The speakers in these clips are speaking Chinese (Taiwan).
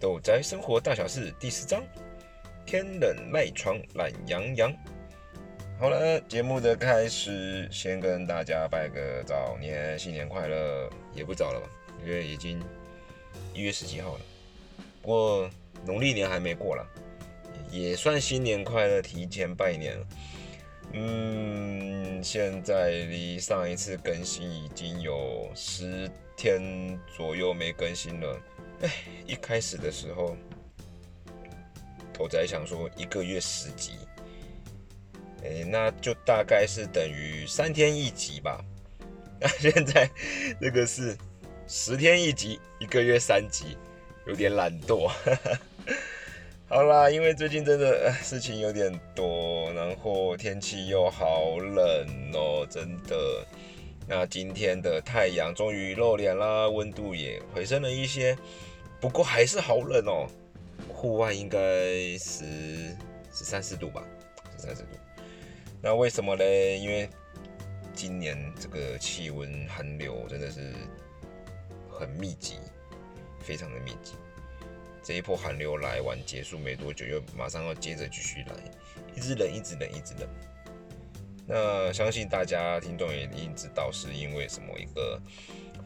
《豆佬生活大小事》第四章：天冷賴床懶洋洋。好了，節目的開始，先跟大家拜個早年，新年快樂！也不早了吧，因為已經一月十幾號了，不過農曆年還沒過啦，也算新年快樂，提前拜年了。嗯，現在離上一次更新已經有十天左右沒更新了。哎，一開始的時候，頭仔想說一個月十集，欸，那就大概是等於三天一集吧。那現在這個是十天一集，一個月三集，有點懶惰。 好啦，因為最近真的事情有點多，然後天氣又好冷哦、喔，真的。那今天的太陽終於露臉啦，溫度也回升了一些，不過還是好冷哦、喔。戶外應該是十，十三四度吧，十三四度。那為什麼呢？因為今年這個氣溫寒流真的是很密集，非常的密集。這一波寒流來完結束沒多久，又馬上要接着繼續來，一直冷，一直冷，一直冷。那相信大家聽眾也一定知道，是因為什麼一個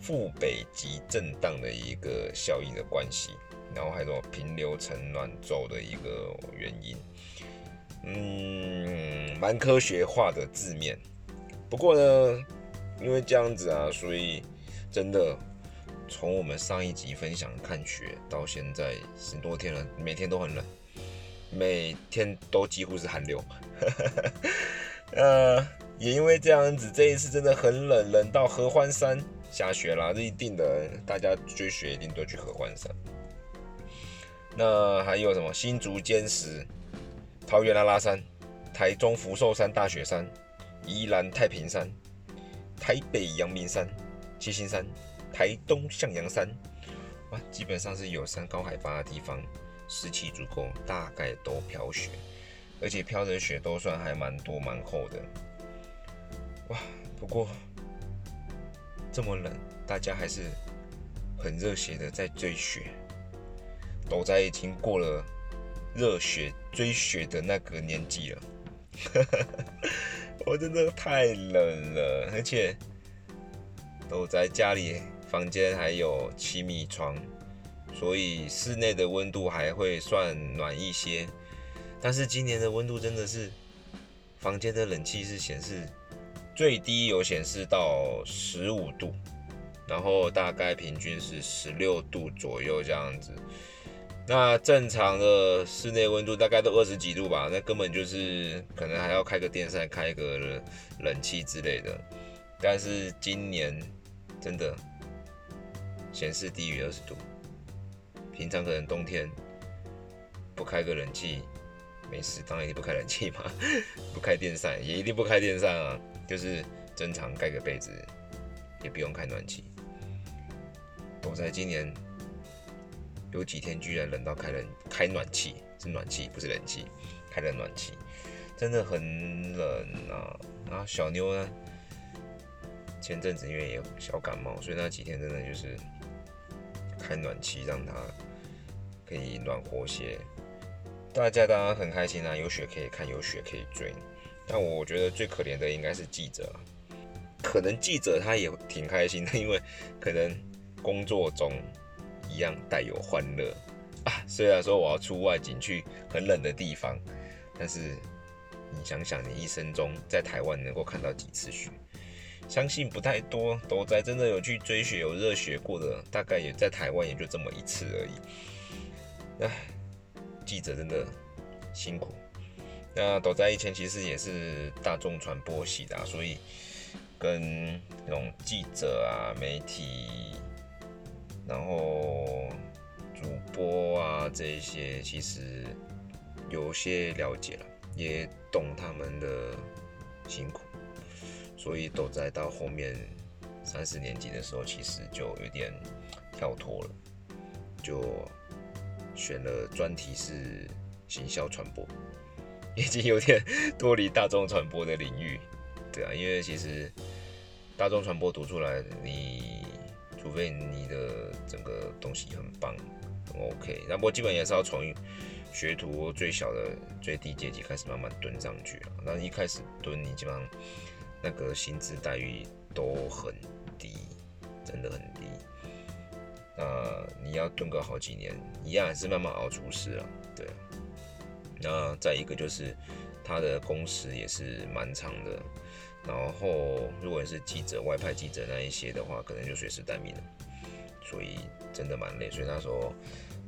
副北極震盪的一個效應的關係，然後還有平流層暖軸的一個原因，嗯，蠻科學化的字面。不過呢，因為這樣子啊，所以真的從我們上一集分享看雪到現在十多天了，每天都很冷，每天都幾乎是寒流。哈哈哈。呃，也因為這樣子，這一次真的很冷，冷到合歡山下雪了，這一定的。大家追雪一定都去合歡山。那還有什麼新竹尖石、桃園拉拉山、台中福壽山大雪山、宜蘭太平山、台北陽明山、七星山、台東向陽山，哇，基本上是有山高海拔的地方，濕氣足夠，大概都飄雪。而且飄的雪都算還蠻多、蠻厚的，哇！不過這麼冷，大家還是很熱血的在追雪。豆仔已經過了熱血追雪的那個年紀了， 我真的太冷了，而且豆仔家裡房間還有氣密窗，所以室內的溫度還會算暖一些。但是今年的溫度真的是，房間的冷氣是顯示最低有顯示到十五度，然後大概平均是十六度左右這樣子。那正常的室內溫度大概都二十幾度吧，那根本就是可能還要開個電扇、開個冷氣之類的。但是今年真的顯示低於二十度，平常可能冬天不開個冷氣。沒事，當然你不開冷氣嘛，不開電扇也一定不開電扇啊，就是正常蓋個被子，也不用開暖氣。我在今年有幾天居然冷到開冷開暖氣，是暖氣不是冷氣，開了暖氣，真的很冷啊！啊，小妞呢？前陣子因為有小感冒，所以那幾天真的就是開暖氣讓她可以暖和些。大家當然很開心啦、啊，有雪可以看，有雪可以追。但我覺得最可憐的應該是記者，可能記者他也挺開心的，因為可能工作中一樣帶有歡樂啊。雖然說我要出外景去很冷的地方，但是你想想，你一生中在台灣能夠看到幾次雪？相信不太多。都在真的有去追雪、有熱血過的，大概也在台灣也就這麼一次而已。唉、啊。記者真的辛苦，那豆仔以前其實也是大眾傳播系的、啊，所以跟那種記者啊、媒體，然後主播啊這些，其實有些了解了，也懂他們的辛苦，所以豆仔到後面三四年級的時候，其實就有點跳脫了，就。選了專題是行銷傳播，已經有點脫離大眾傳播的領域，對啊，因為其實大眾傳播讀出來，你除非你的整個東西很棒，很 OK，那麼基本也是要從學徒最小的最低階級開始慢慢蹲上去啊。那一開始蹲，你基本上那個薪資待遇都很低，真的很低。那你要蹲個好幾年，一樣還是慢慢熬出師啊，對啊。那再一個就是，他的工時也是蠻長的。然後，如果你是記者、外派記者那一些的話，可能就隨時待命了，所以真的蠻累。所以他說，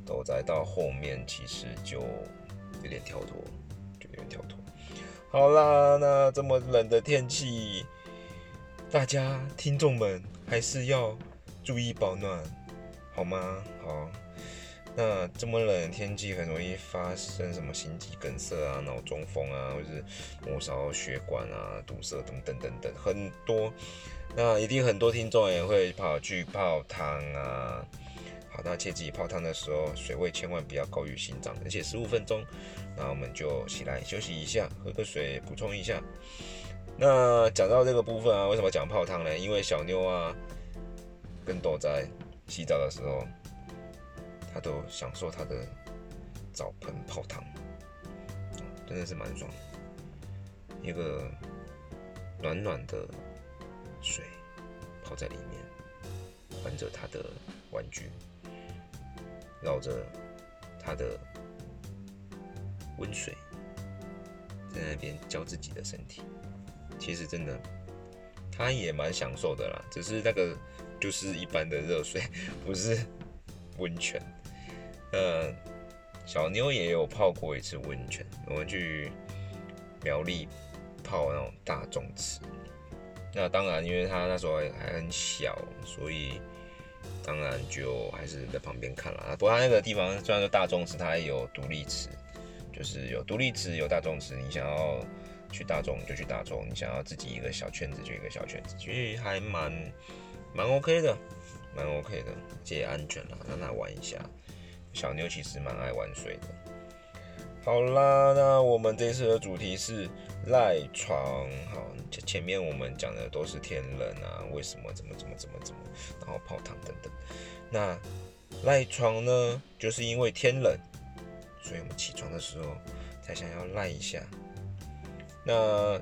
都在到後面其實就有點跳脫，就有點跳脫。好啦，那這麼冷的天氣，大家聽眾們還是要注意保暖。好嗎？好，那這麼冷的天氣很容易發生什麼心肌梗塞啊、腦中風啊，或者是末梢血管啊、堵塞等等等等很多。那一定很多聽眾也會跑去泡湯啊。好，那切記泡湯的時候水位千萬不要高於心臟，而且十五分鐘，那我們就起來休息一下，喝個水補充一下。那講到這個部分啊，為什麼講泡湯呢？因為小妞啊更多在洗澡的時候，他都享受他的澡盆泡湯，嗯，真的是蠻爽的。一個暖暖的水泡在裡面，玩着他的玩具，繞着他的溫水，在那邊澆自己的身體。其實真的，他也蠻享受的啦，只是那個。就是一般的熱水，不是溫泉。嗯、呃，小妞也有泡過一次溫泉，我們去苗栗泡那種大眾池。那當然，因為她那時候還很小，所以當然就還是在旁邊看啦。不過她那個地方雖然說大眾池，它也有獨立池，就是有獨立池有大眾池，你想要去大眾你就去大眾，你想要自己一個小圈子就一個小圈子，其實還蠻，蠻 OK 的，蠻 OK 的，這也安全啦，讓他玩一下。小牛其實蠻愛玩水的。好啦，那我們這次的主題是賴床。好，前面我們講的都是天冷啊，為什麼，怎麼怎麼怎麼怎麼，然後泡湯等等。那賴床呢，就是因為天冷，所以我們起床的時候才想要賴一下。那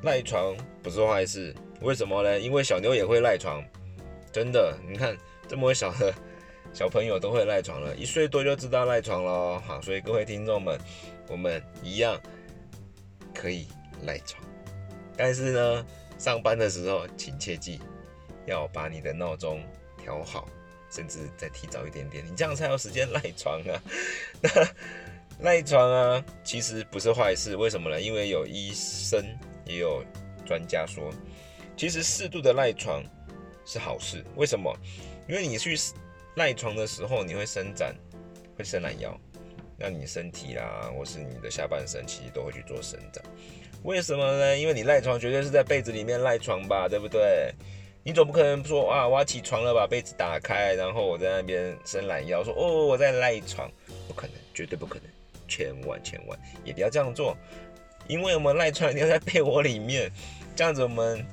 賴床不是壞事，為什麼呢？因為小牛也會賴床。真的，你看這麼小的，小朋友都會賴床了，一歲多就知道賴床了。好，所以各位聽眾們，我們一樣可以賴床，但是呢，上班的時候請切記要把你的鬧鐘調好，甚至再提早一點點，你這樣才有時間賴床啊。那賴床啊，其實不是壞事，為什麼呢？因為有醫生也有專家說，其實適度的賴床。是好事，為什麼？因為你去賴床的時候，你會伸展，會伸懶腰，讓你身體啦、啊，或是你的下半身，其實都會去做伸展。為什麼呢？因為你賴床絕對是在被子裡面賴床吧，對不對？你總不可能不說啊，我要起床了，把被子打開，然後我在那邊伸懶腰，說哦，我在賴床，不可能，絕對不可能，千萬千萬也不要這樣做，因為我們賴床一定要在被窩裡面，這樣子我們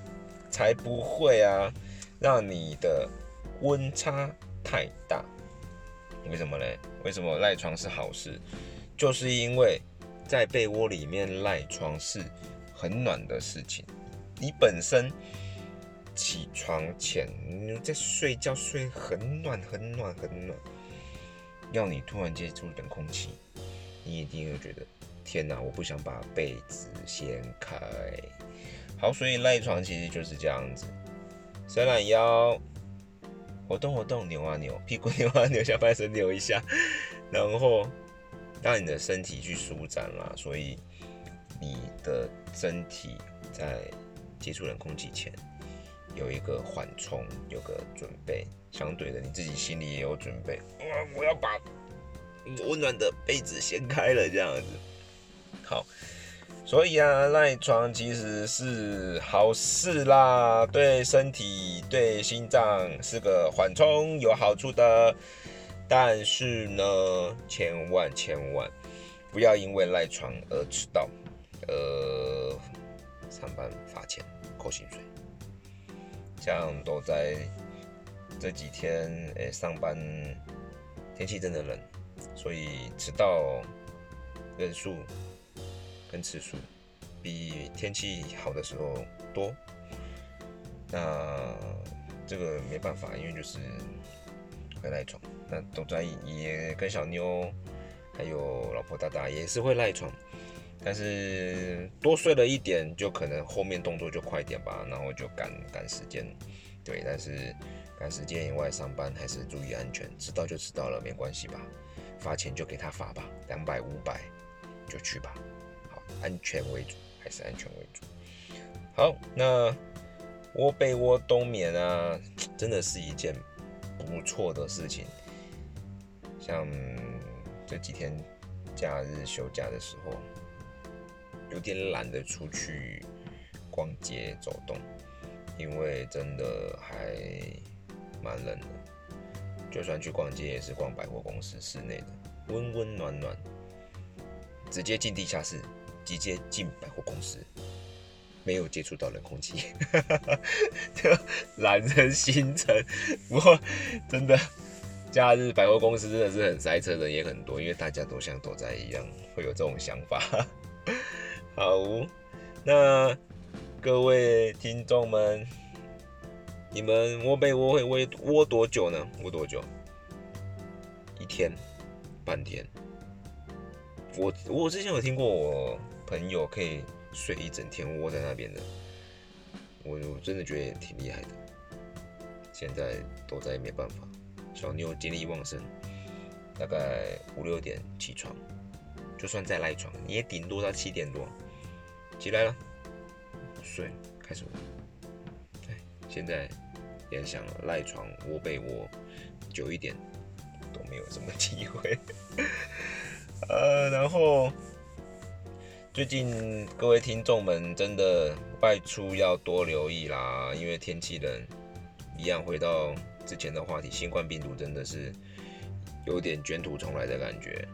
才不會啊。讓你的溫差太大，為什麼嘞？為什麼賴床是好事？就是因為在被窩裡面賴床是很暖的事情。你本身起床前你在睡覺，睡很暖很暖很暖，要你突然接觸冷空氣，你一定會覺得天哪！我不想把被子掀開。好，所以賴床其實就是這樣子。伸懶腰，活動活動，扭啊扭，屁股扭啊扭，下半身扭一下，然後讓你的身體去舒展啦。所以你的身體在接觸冷空氣前有一個緩衝，有個準備。相對的，你自己心裡也有準備。啊、呃，我要把溫暖的被子掀開了，這樣子。好。所以啊，賴床其實是好事啦，對身體、對心臟是個緩衝，有好處的。但是呢，千萬千萬不要因為賴床而遲到，呃，上班罰錢扣薪水。像都在這幾天，哎、欸，上班天氣真的冷，所以遲到人數。跟次數比天氣好的時候多，那這個沒辦法，因為就是會賴床。那豆佬也跟小妞，還有老婆大大也是會賴床，但是多睡了一點，就可能後面動作就快點吧，然後就趕趕時間。對，但是趕時間以外，上班還是注意安全。遲到就遲到了，沒關係吧？罰錢就給他罰吧，兩百、五百就去吧。安全為主，還是安全為主。好，那窩被窩冬眠啊，真的是一件不錯的事情。像這幾天假日休假的時候，有點懶得出去逛街走動，因為真的還蠻冷的。就算去逛街，也是逛百貨公司室內的，溫溫暖暖，直接進地下室。直接進百貨公司，沒有接觸到冷空氣，就 懶 人行程。不過真的，假日百貨公司真的是很塞車，人也很多，因為大家都像躲在一樣，會有這種想法。 好，那各位聽眾們，你們窩被窩會窩窩多久呢？窩多久？一天？半天？我我之前有聽過我。朋友可以睡一整天窩在那邊的，我我真的覺得也挺厲害的。現在躲在沒辦法，小妞精力旺盛，大概五六點起床，就算再賴床，你也頂多到七點多起來了，睡開始。對，現在也想賴床窩被窩久一點，都沒有什麼機會。 呃，然後。最近各位聽眾們真的外出要多留意啦，因為天氣冷，一樣回到之前的話題，新冠病毒真的是有點卷土重來的感覺。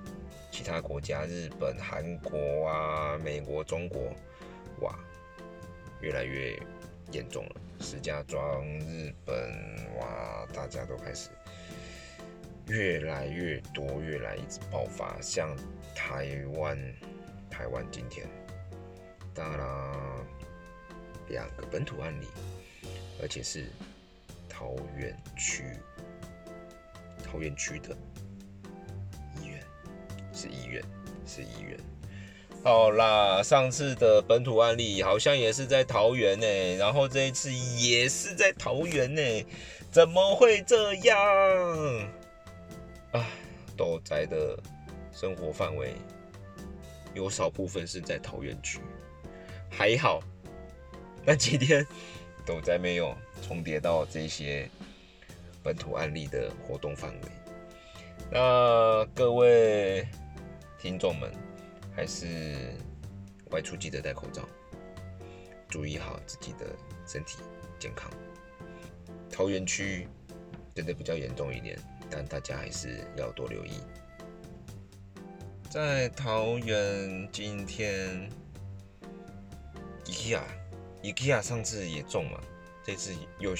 其他國家，日本、韓國啊，美國、中國，哇，越來越嚴重了。石家莊、日本，哇，大家都開始越來越多，越來越來爆發，像台灣。台灣今天，當然兩個本土案例，而且是桃園區，桃園區的醫院是醫院是醫院。醫院好啦，上次的本土案例好像也是在桃園呢，然後這一次也是在桃園呢，怎麼會這樣？啊，豆佬的生活範圍。有少部分是在桃園區，還好，那幾天都再沒有重疊到這些本土案例的活動範圍。那各位聽眾們，還是外出記得戴口罩，注意好自己的身體健康。桃園區真的比較嚴重一點，但大家還是要多留意。在桃園今天，IKEA IKEA 上次也中嘛，這次又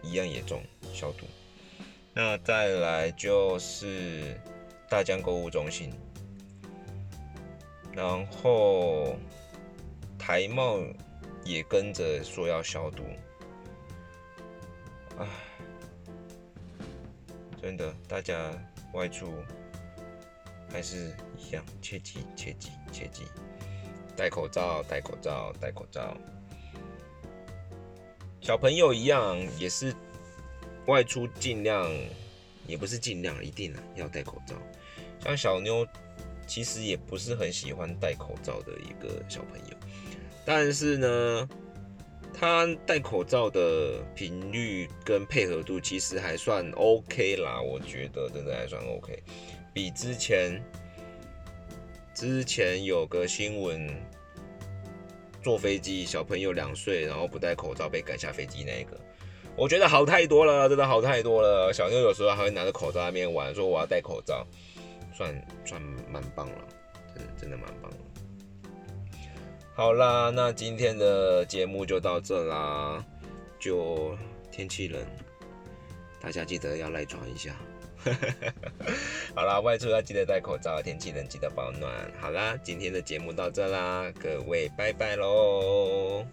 一樣也中，消毒。那再來就是大江購物中心，然後台茂也跟着說要消毒。唉，真的，大家外出。還是一樣，切記切記切記，戴口罩戴口罩戴口罩。小朋友一樣也是外出盡量，也不是盡量，一定要戴口罩。像小妞其實也不是很喜歡戴口罩的一個小朋友，但是呢，她戴口罩的頻率跟配合度其實還算 OK 啦，我覺得真的還算 OK。比之前，之前有個新聞，坐飛機小朋友兩歲，然後不戴口罩被趕下飛機那一個，我覺得好太多了，真的好太多了。小朋友有時候還會拿着口罩在外面玩，說我要戴口罩，算算蠻棒了，真的真的蠻棒了。好啦，那今天的節目就到這啦。就天氣冷，大家記得要賴床一下。 好啦，外出要記得戴口罩，天氣冷記得保暖。好啦，今天的節目到這啦，各位拜拜嘍。